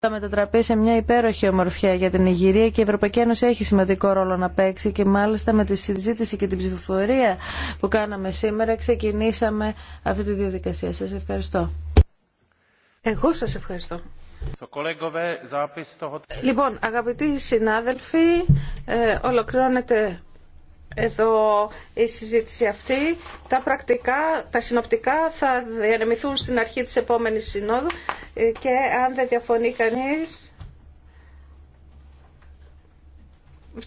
θα μετατραπεί σε μια υπέροχη ομορφιά για την Ιγυρία και η Ευρωπαϊκή Ένωση έχει σημαντικό ρόλο να παίξει και μάλιστα με τη συζήτηση και την ψηφοφορία που κάναμε σήμερα ξεκινήσαμε αυτή τη διαδικασία. Σας ευχαριστώ. Εγώ σας ευχαριστώ. Λοιπόν, αγαπητοί συνάδελφοι, ε, ολοκληρώνεται εδώ η συζήτηση αυτή. Τα πρακτικά, τα συνοπτικά θα διανεμηθούν στην αρχή της επόμενης συνόδου ε, και αν δεν διαφωνεί κανείς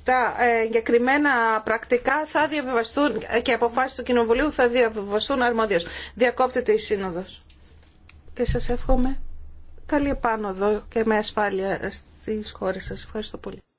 τα ε, εγκεκριμένα πρακτικά θα διαβιβαστούν και αποφάσεις του Κοινοβουλίου θα διαβιβαστούν αρμόδιως. Διακόπτεται η σύνοδος. Και σας εύχομαι καλή επάνωδο και με ασφάλεια στις χώρες σας. Ευχαριστώ πολύ.